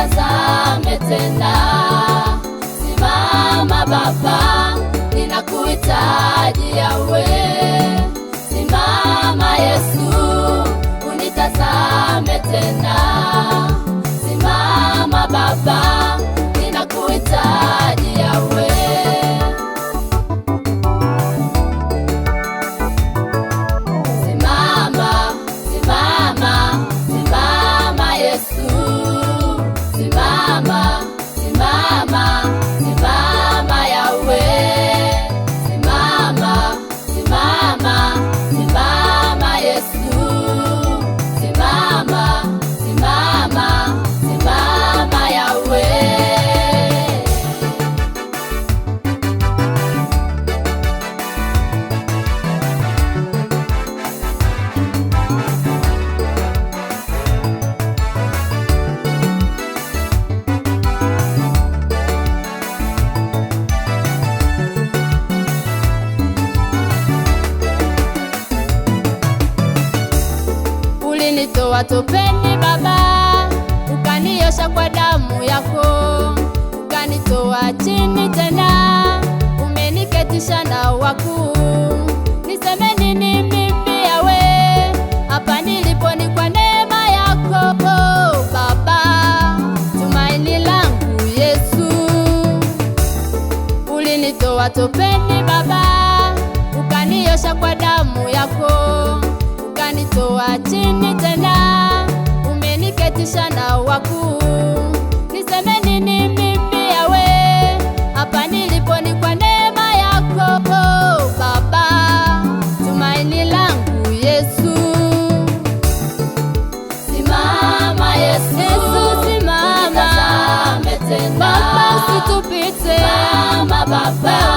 nitazame tena. Simama Baba, ninakuhitaji yawe Ukanitopeni Baba, ukaniosha kwa damu yako, ukanitoa chini tena, umeniketisha na wakuu. Niseme nini mimi yawe, hapa nilipo ni kwa neema yako Baba, tumaini langu Yesu, ulinitoa topeni Baba.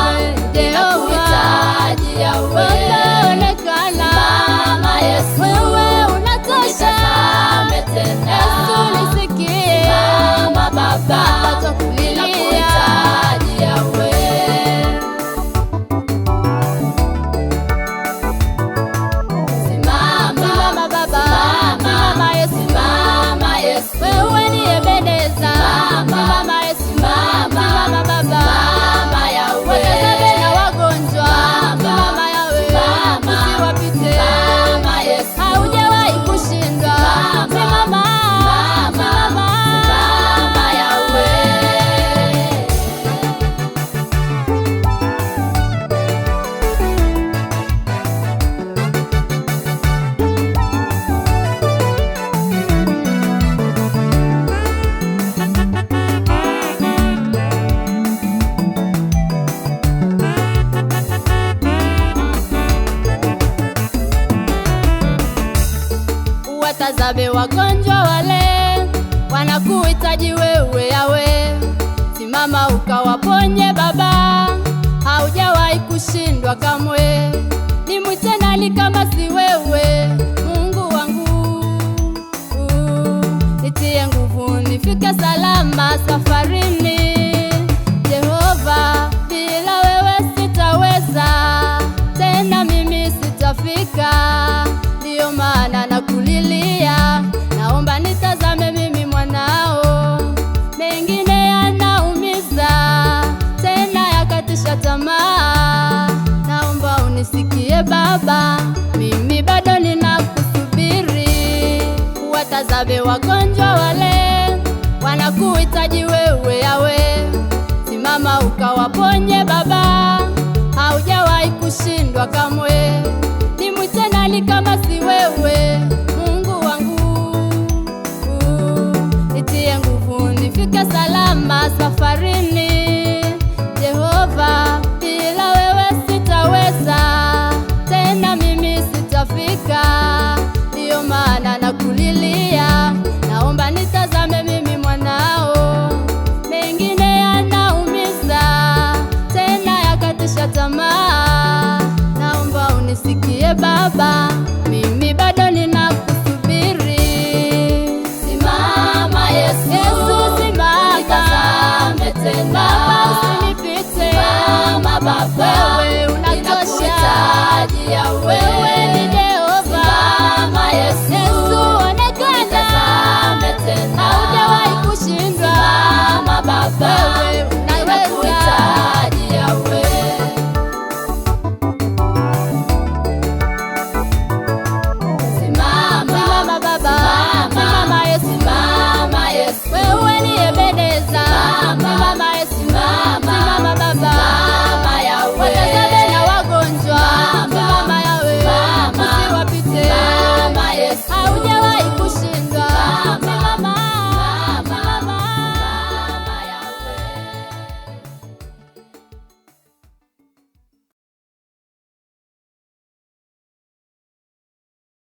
wazabe wagonjwa wale wanakuhitaji wewe yawe, simama ukawaponye Baba, haujawahi kushindwa kamwe. mwite nani kama siwe wawe wagonjwa wale wanakuhitaji wewe yawe, simama ukawaponye Baba, haujawahi kushindwa kamwe. Nimwite nani kama si wewe? Mungu wangu itie nguvu, nifike salama safarini.